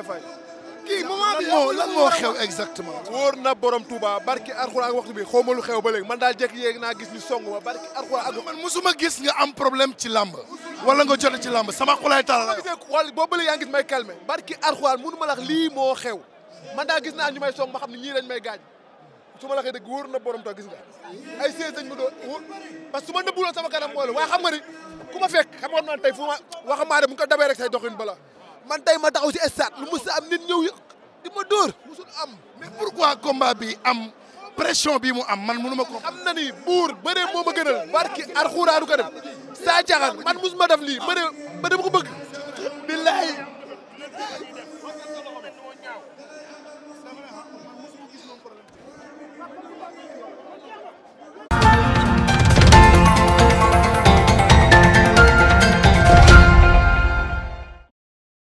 Mbacké Faye kii moment bi moo lan moo xew exactement wóor na borom Touba barki arxuraan ak waxtu bi xaw ma lu xew ba léegi man daal jekk yéeg naa gis ñu song ma barki arxuraan musuma gis nga am problème ci làmb wala nga jote ci làmb sama xulaay tal la wala boo bële yaa ngi gis may calmé ma lax lii moo xew man daal gis naa ñu may song ma xam ne ñii dañ may gaañ su ma la xee dëgg wóor na borom a gis nga ay sees dañ ma doon wóor parce que sama kanam mooy la xam nga ni ku ma fekk xam nga man tey ma taxaw si stade lu mës a am nit ñëw di ma dóor musul am. mais pourquoi combat bi am pression bi mu am man mënu ma ko. am na ni buur bëree moo ma gënal. barki alxuraanu karim saa jaxal man ma def lii bëree ba dama ko bëgg.